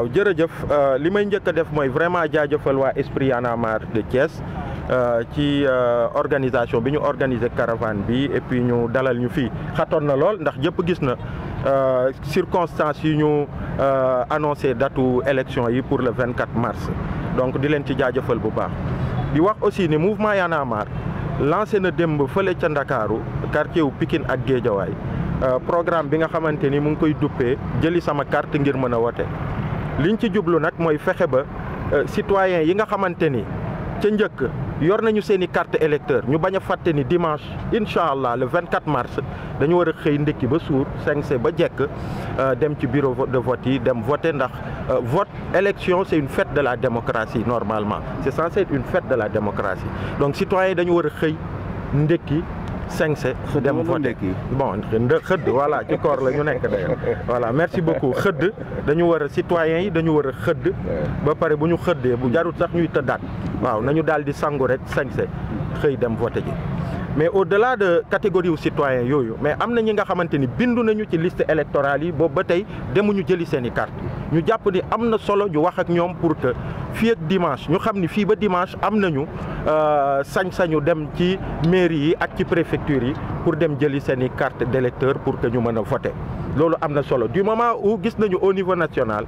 waaw jërëjëf euh, li may njëkk a def mooy vraiment jaajëfal waa esprit Y de Thiès euh, ci euh, organisation bi ñu organisé caravane bi et puis ñu dalal ñu fii xatoon na lool ndax jëpp gis na circonstances yi ñu annoncé datu élection yi pour le 24 mars donc di leen ci jaajëfal bu baax di wax aussi ni mouvement Y en lancé na démb fële ca Ndakaaru quartier wu Pikine ak Géejawaay programme bi nga xamante ni mu ngi koy duppee jëli sama carte ngir mën a wote liñ ci jublu nag mooy fexe ba euh, citoyen yi nga xamante ni ca njëkk yor nañu seen i carte électeur ñu bañ a fàtte ni dimanche incha allah le quatre mars dañu war a xëy ndékki ba suur sañse ba jekk euh, dem ci bureau de vote yi dem voter ndax euh, vote élection c'est une fête de la démocratie normalement c'est censé être une fête de la démocratie donc citoyen yi dañu war xëy ndékki su dem fa tekki bon xëdd voilà ci koor la ñu nekk d'ailleurs voilà merci beaucoup xëdd dañu war a citoyens yi dañu war a xëdd ba pare bu ñu xëddee bu jarul sax ñuy tëddaat waaw nañu daal di sangu rek sañse xëy dem voté ji mais au-delà de catégorie wu citoyen yooyu mais am na ñi nga xamante ni bindu nañu ci liste électorale yi boobu ba tey demuñu jëli seen i carte ñu jàpp ni am na solo ñu wax ak ñoom pour que fii ak dimanche ñu xam ni fii ba dimanche am nañu euh, sañ-sañu dem ci mairie yi ak ci préfecture yi pour dem jëli seen i carte d'électeur pour que ñu mën a voter loolu am na solo du moment où gis nañu au niveau national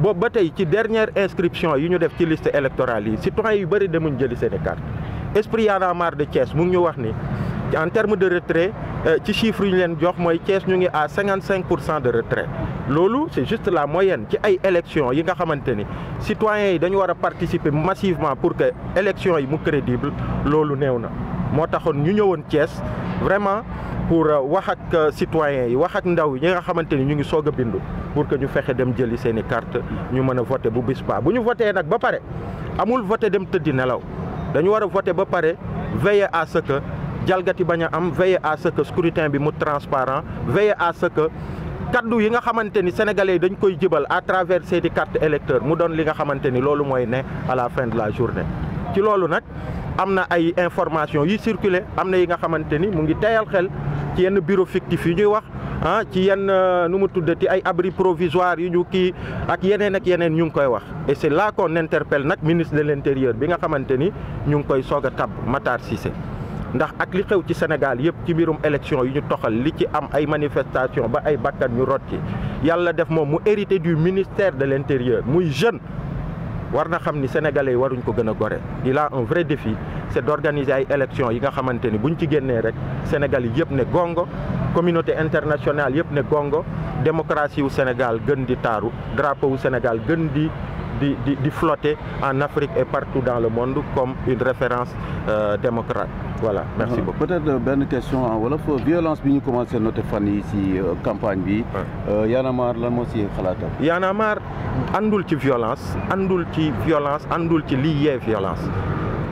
boobu ba tey ci dernière inscription yi ñu def ci liste électorale yi citoyen yu bëri demuñ jëli seen i esprit Y en de Thiès mu ngi ñu wax ni en terme de retrait euh, ci chiffre yu ñu leen jox mooy Thiès ñu ngi à 55 pour cent de retrait loolu c'est juste la moyenne ci ay élections yi nga xamante ni citoyens yi dañu war a participer massivement pour que élections yi mu crédible loolu néew na moo taxoon ñu ñëwoon cees vraiment pour euh, wax ak euh, citoyens yi wax ak ndaw yi nga xamante ni ñu ngi soog a bindu pour que ñu fexe dem jëli seeni i ñu mën a voter bu bis ba bu ñu voter nag ba pare amul voter dem tëddi nelaw dañu war a voter ba pare veiller à ce que jalgati bañ am veiller à ce que scrutin bi mu transparent veiller à ce que kaddu yi nga xamante ni sénégalais yi dañ koy jibal à travers seeni carte électeur mu doon li nga xamante ni loolu mooy ne à la fin de la journée ci loolu nag am na ay information yi circulé am na yi nga xamante ni mu ngi teyal xel ci yenn bureau fictif yi ñuy wax ah ci yenn euh, nu mu tuddati ay abri provisoire yu ñu kii ak yeneen ak yeneen ñu ngi koy wax et c'est là qu'on interpelle nag ministre de l'intérieur bi nga xamante ni ñu ngi koy soog a tabb Matar ndax ak li xew ci Sénégal yëpp ci mbirum élection yu ñu toxal li ci am ay manifestation ba ay bakkan ñu rot ci yàlla def moom mu hérité du ministère de l'intérieur muy jeune war na xam ni sénégalais yi waruñ ko gën a gore il a un vrai défi c'est d'organiser ay élections yi nga xamante ni buñ ci génnee rek Sénégal yi yëpp ne gongo communauté internationale yëpp ne gongo démocratie wu Sénégal gën di taaru drapeau wu Sénégal gën di di di di flotter en Afrique et partout dans le monde comme une référence euh, démocrate voilà merci euh, beaucoup. peut-être euh, benn question wala wolof euh, violence bi ñu commencé noter fan yi si campagne bi. Y'en la marre lan moo ci xalaatam. Y'en àndul ci violence àndul ci violence àndul ci liy yee violence.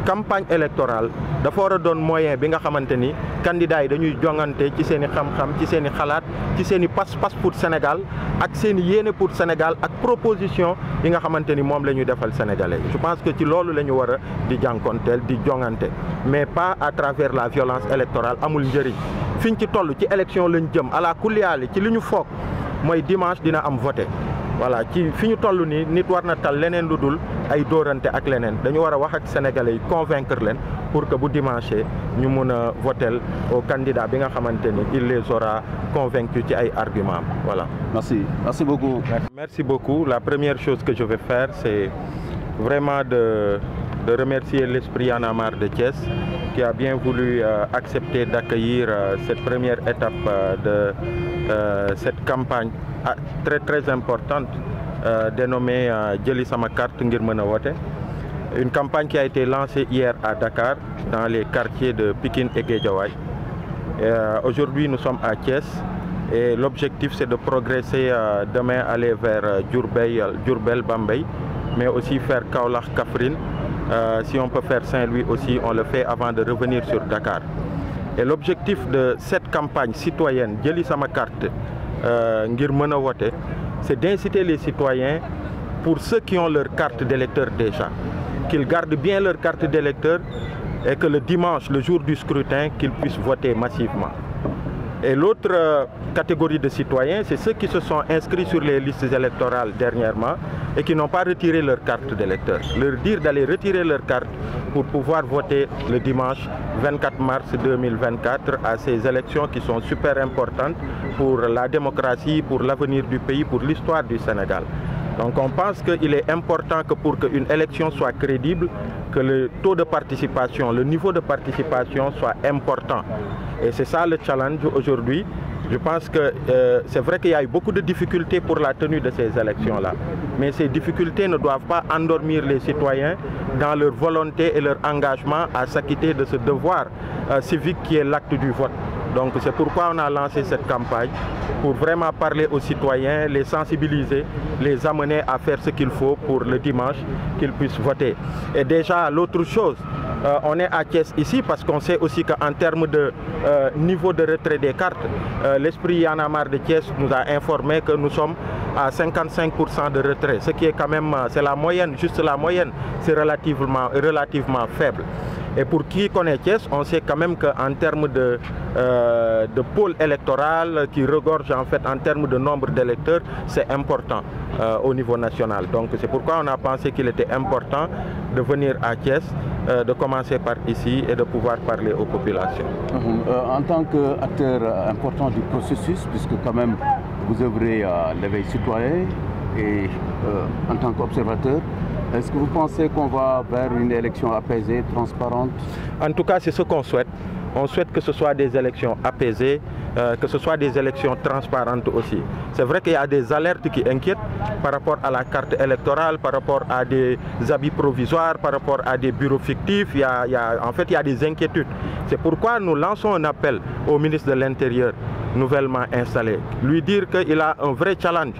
campagne électorale dafa war a doon moyen bi nga xamante ni candidats yi dañuy jongante ci seen i xam-xam ci seen i xalaat ci seen i pas-pas pour Sénégal ak seeni i yéene pour Sénégal ak proposition yi nga xamante ni moom la ñu defal sénégalais je pense que ci loolu la ñu war a di jànkonteel di jongante mais pas à travers la violence électorale amul njëriñ fiñ ci toll ci élection lañ jëm à la ci li ñu foog mooy dimanche dina am voté voilà ci fi ñu toll nii nit war na tal leneen lu dul ay dóorante ak leneen dañu war a wax ak sénégalais y convaincre leen pour que bu dimanche ñu mun a votel au candidat bi nga xamante ni il les aura convaincus ci ay argument voilà. merci merci beaucoup. merci beaucoup la première chose que je vais faire c'est vraiment de de remercier l'esprit Y'en a marre de Thiès qui a bien voulu euh, accepter d'accueillir euh, cette première étape euh, de euh, cette campagne ah, très très importante Euh, dénommée euh, Jëli sama carte ngir mën a woote une campagne qui a été lancée hier à Dakar dans les quartiers de Pikine et Guédiawaye euh, aujourd'hui nous sommes à Thiès et l'objectif c'est de progresser demain aller vers Diourbel ba Bambey mais aussi faire Kaolack Kaffrine si on peut faire Saint-Louis aussi on le fait avant de revenir sur Dakar et l'objectif de cette campagne citoyenne Jëli sama carte ngir mën a woote c'est d'inciter les citoyens, pour ceux qui ont leur carte d'électeur déjà, qu'ils gardent bien leur carte d'électeur et que le dimanche, le jour du scrutin, qu'ils puissent voter massivement. Et l'autre euh, catégorie de citoyens, c'est ceux qui se sont inscrits sur les listes électorales dernièrement et qui n'ont pas retiré leur carte d'électeur. Leur dire d'aller retirer leur carte pour pouvoir voter le dimanche 24 mars à ces élections qui sont super importantes pour la démocratie, pour l'avenir du pays, pour l'histoire du Sénégal. Donc on pense qu'il est important que pour qu'une élection soit crédible, que le de participation, le niveau de participation soit important. Et c'est ça le challenge aujourd'hui. Je pense que euh, c'est vrai qu'il y a eu beaucoup de difficultés pour la tenue de ces élections-là. Mais ces difficultés ne doivent pas endormir les citoyens dans leur volonté et leur engagement à s'acquitter de ce devoir euh, civique qui est l'acte du vote. Donc c'est pourquoi on a lancé cette campagne, pour vraiment parler aux citoyens, les sensibiliser, les amener à faire ce qu'il faut pour le dimanche, qu'ils puissent voter. Et déjà, l'autre Euh, on est à Thiès ici parce qu'on sait aussi qu'en termes de euh, niveau de retrait des cartes, euh, l'esprit Yanamar de Thiès nous a informé que nous sommes à 55% de retrait, ce qui est quand même, euh, c'est la moyenne, juste la moyenne, c'est relativement, relativement faible. Et pour qui connaît Thiès, on sait quand même qu'en termes de, euh, de pôle électoral qui regorge en fait en termes de nombre d'électeurs, c'est important euh, au niveau national. Donc c'est pourquoi on a pensé qu'il était important de venir à Thiès euh, de commencer par ici et de pouvoir parler aux populations. Mhm. Euh, en tant qu'acteur important du processus, puisque quand même vous en tant qu'observateur, Est-ce que vous pensez qu'on va vers une élection apaisée, transparente En tout cas, c'est ce qu'on souhaite. On souhaite que ce soit des élections apaisées, euh, que ce soit des élections transparentes aussi. C'est vrai qu'il y a des alertes qui inquiètent par rapport à la carte électorale, par rapport à des habits provisoires, par rapport à des bureaux fictifs. Il y a, il y a, en fait, il y a des inquiétudes. C'est pourquoi nous lançons un appel au ministre de l'Intérieur nouvellement installé, lui dire qu'il a un vrai challenge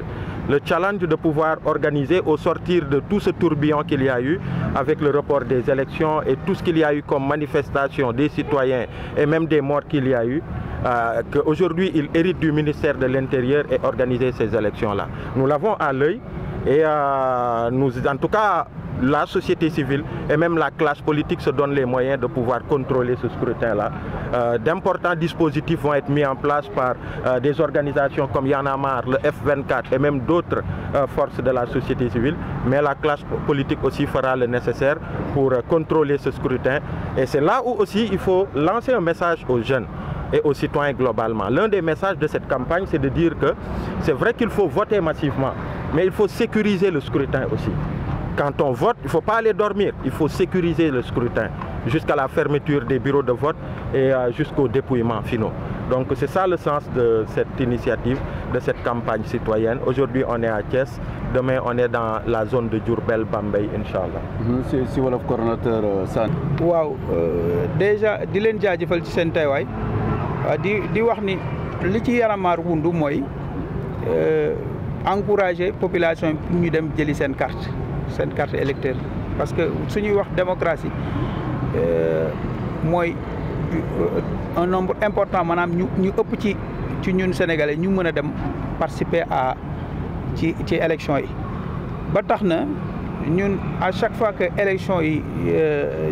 le challenge de pouvoir organiser au sortir de tout ce tourbillon qu'il y a eu avec le report des élections et tout ce qu'il y a eu comme manifestation des citoyens et même des morts qu'il y a eu, euh, qu'aujourd'hui il hérite du ministère de l'Intérieur et organiser ces élections-là. Nous l'avons à l'œil. Et euh, nous, tout cas, la société civile et même la classe les moyens de pouvoir contrôler ce scrutin-là. Euh, D'importants dispositifs vont être en place par euh, des organisations comme Yanamar, le F24 et même d'autres euh, forces de la société civile. Mais la classe politique aussi fera le pour euh, contrôler ce scrutin. Et c'est là aussi il faut lancer message aux jeunes. et aux citoyens globalement. L'un des messages de cette campagne, c'est de dire que c'est vrai qu'il faut voter massivement, mais il faut sécuriser le scrutin aussi. Quand on vote, il ne faut pas aller dormir, il faut sécuriser le scrutin jusqu'à la fermeture des bureaux de vote et euh, jusqu'au dépouillement finaux. Donc c'est ça le sens de cette initiative, de cette campagne citoyenne. Aujourd'hui on est à Thiès, demain on est dans la zone de Djourbel, Bambey inchallah. Mhm, si si wolof coordonnateur euh, Sane. waaw euh, déjà di leen jaajëfal ci seen teewaay. waaw di di wax ni li ci yaramaar wundu mooy euh, encourager population bi ñu dem jëli seen carte seen carte électeur parce que suñuy wax démocratie euh, mooy euh, un nombre important manaam ñu ñu ëpp ci ci ñun sénégalais ñu mën a dem participer à ci ci élection yi ba tax na ñun à chaque fois que élection yi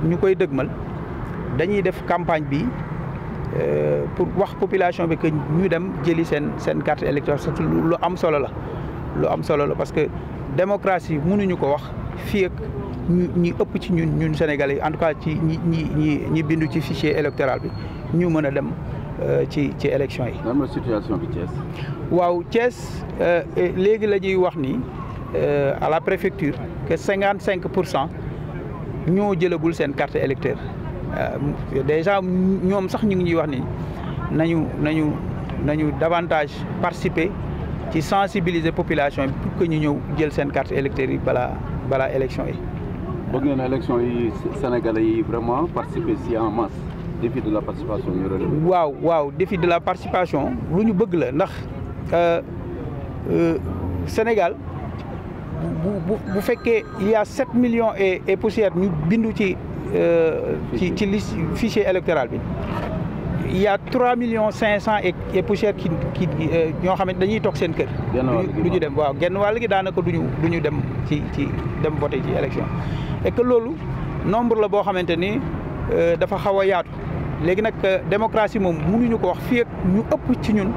ñu koy dëgmal dañuy def campagne bi Euh, pour wax population bi que ñu dem jëli seen seen carte électorale surtout lu am solo la lu am solo la parce que démocratie mënuñu ko wax fii ak ñu ñi ëpp ci ñun ñun sénégalais en tout cas ci ñi ñi ñi bindu ci fichier électoral bi ñu mën a dem euh, ci ci élection yi. situation bi Thiès. waaw Thiès euh, léegi la ñuy wax ni à la préfecture que cinquante cinq pour cent ñoo jëlagul seen carte électeur Euh, déjà ñoom sax ñu ngi ñuy wax ni nañu nañu nañu davantage participer ci sensibiliser population bi pour que ñu ñëw jël seen carte électeur yi balaa balaa élection yi. bëgg ngeen élection yi Sénégalais yi vraiment participer si en masse défi de la participation ñu relever. waaw waaw défi de la participation lu ñu bëgg la ndax euh, euh, Sénégal bu fekkee il y a sept millions et et poussière ñu bindu ci. Euh, ci ci liste fichier électoral bi yaat y a trois millions cinq cent et et poussière ki ki euh, ñoo xam ne dañuy toog seen kër. du ñu dem waaw genn wàll gi daanaka du ñu du ñu dem ci ci dem voté ci élection. et que loolu nombre la boo xamante ni euh, dafa xaw a yaatu léegi nag démocratie moom mënuñu ko wax fi ak ñu ëpp ci ñun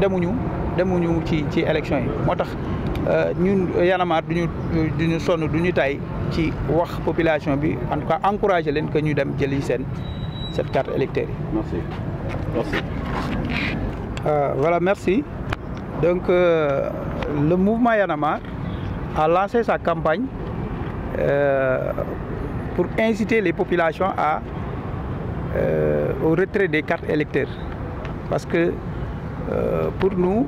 demuñu. demuñu ci ci élection yi moo tax euh, ñun yanamaar duñu duñu sonn du ñu tay ci wax population bi en tout cas leen que ñu dem jëli seen cette carte électeur yi. merci merci. Euh, donc euh, le mouvement Yanamar a lancé sa campagne euh, pour inciter les populations à euh, au retrait des cartes électeurs parce que euh, pour nous,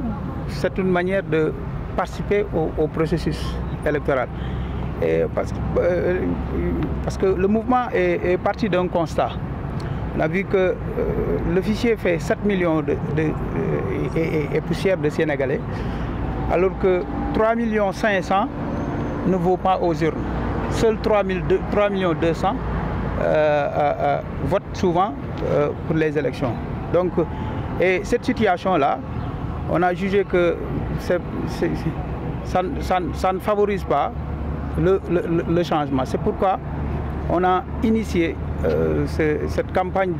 c'est une manière de participer au, au processus électoral. Et parce, euh, parce, que le mouvement est, est parti d'un constat. On a vu que euh, le fichier fait 7 millions de, de euh, et, et, poussière de Sénégalais, alors que 3 millions 500 ne vaut pas aux urnes. Seuls 3, 3 millions 200 euh, euh, votent souvent pour les élections. Donc, Et cette situation la on a jugé que c est, c est, ça, favorise pas le, le, le changement. C'est pourquoi on a initié euh, cette campagne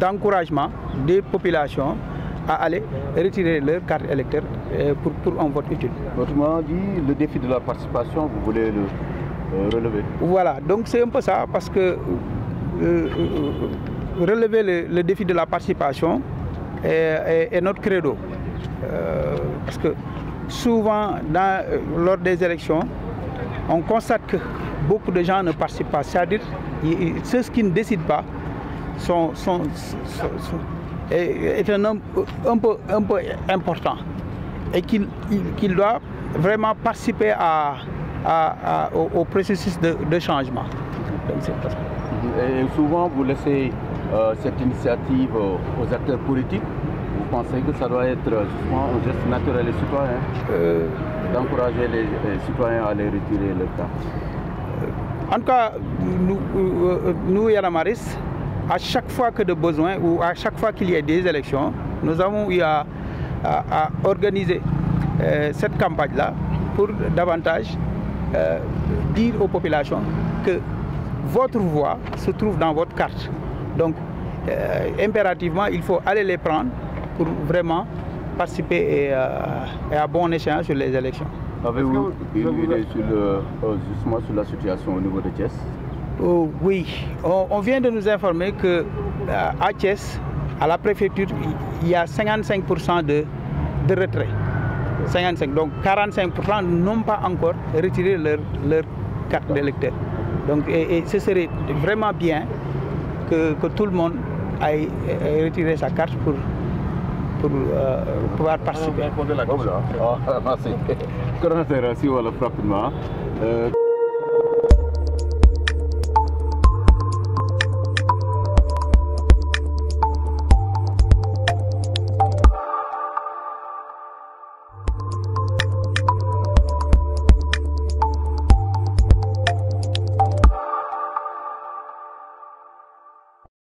d'encouragement euh, de, de, de, des populations à aller retirer leur carte électeur euh, pour, pour un vote utile. Autrement dit, le défi de la participation, vous voulez le euh, relever donc c'est un peu ça, parce que relever le, le, défi de la participation est, est, est notre credo. Euh, parce que souvent, dans, euh, lors des élections, on constate que beaucoup de gens ne participent pas. C'est-à-dire, ceux qui ne décident pas sont, sont, sont, sont est, est, un homme un peu, un peu important et qu'il qu doit vraiment participer à, à, à au, au, processus de, de changement. Donc, et souvent, vous laissez Euh, cette initiative aux acteurs politiques Vous pensez que ça un geste naturel et euh, D'encourager les, citoyens à aller retirer leur carte euh, En tout cas, nous, Yanamaris, à chaque fois que de besoin ou à chaque fois qu'il y a des élections, nous avons eu à, à, à organiser euh, cette campagne-là pour davantage dire aux populations que votre voix se trouve dans votre carte. Donc, euh, impérativement, il faut aller les pour vraiment participer et, euh, bon échange les élections. Avez-vous une idée sur, euh, de Thiès oh, euh, à Thiès, à la préfecture, il y a 55% de, de retrait. 55, donc 45% n'ont pas encore retiré leur, leur carte d'électeur. Donc, et, et ce serait vraiment bien que, que tout le monde aille, aille retirer sa carte pour, pour euh, pouvoir participer. Ah, vous la question. Oh ah, merci. Coordinateur, si voilà, rapidement. Euh...